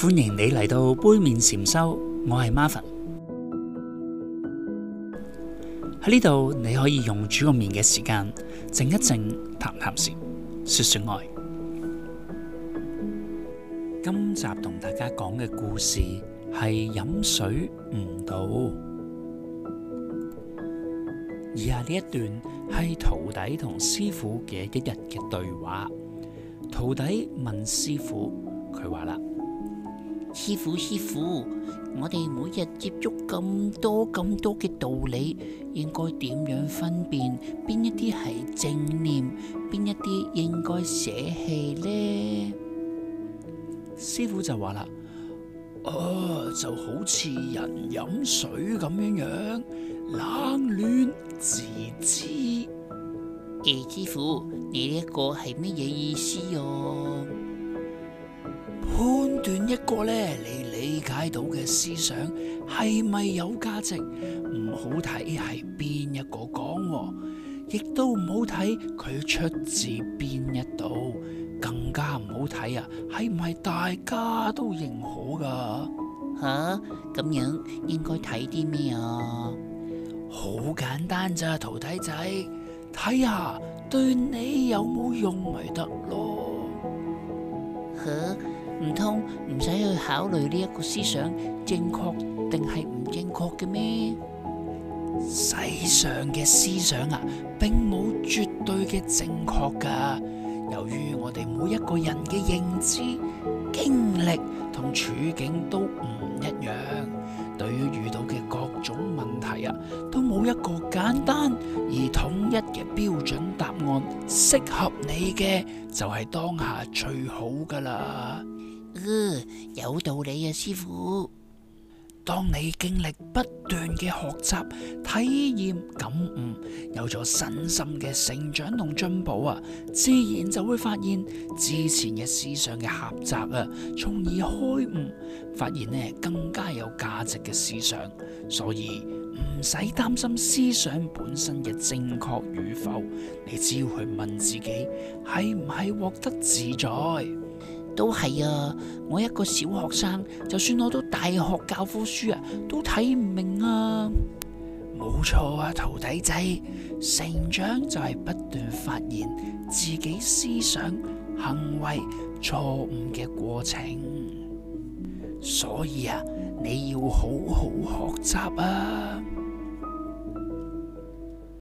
歡迎你嚟到杯麵禪修，我係 Marvin，喺呢度，你可以用煮個麵嘅時間靜一靜，談談禪，說說愛。今集同大家講嘅故事係「飲水悟道」。以下呢一段係徒弟同師傅嘅一日嘅對話。徒弟問師傅，佢話啦。師傅，師傅，我哋每日接觸咁多咁多嘅道理，應該點樣分辨邊一啲係正念，邊一啲應該捨棄呢？師傅就話啦，啊、哦，就好似人飲水咁樣樣，冷暖自知。誒師傅，你呢一個係乜嘢意思哦？一個呢，你理解到嘅思想係咪有價值？唔好睇係邊一個講，亦都唔好睇佢出自邊一度，更加唔好睇啊，係唔係大家都認可噶吓、啊，咁樣應該睇啲咩啊？好簡單咋，徒弟仔，睇下對你有冇用咪得咯。啊唔通唔使去考慮呢一個思想正確定係唔正確嘅咩？世上嘅思想啊，並冇絕對嘅正確噶。由於我哋每一個人嘅認知、經歷同處境都唔一樣，對於遇到嘅各種問題啊，都冇一個簡單而統一嘅標準答案。適合你嘅就係當下最好噶啦。嗯，有道理啊，師傅。當你經歷不斷嘅學習、體驗、感悟，有咗身心嘅成長同進步啊，自然就會發現之前嘅思想嘅狹窄啊，從而開悟，發現呢更加有價值嘅思想。所以唔使擔心思想本身嘅正確與否，你只要去問自己，係唔係獲得自在？都係啊！我一個小學生，就算攞到大學教科書啊，都睇唔明啊！冇錯啊，徒弟仔，成長就係不斷發現自己思想行為錯誤嘅過程，所以啊，你要好好學習啊！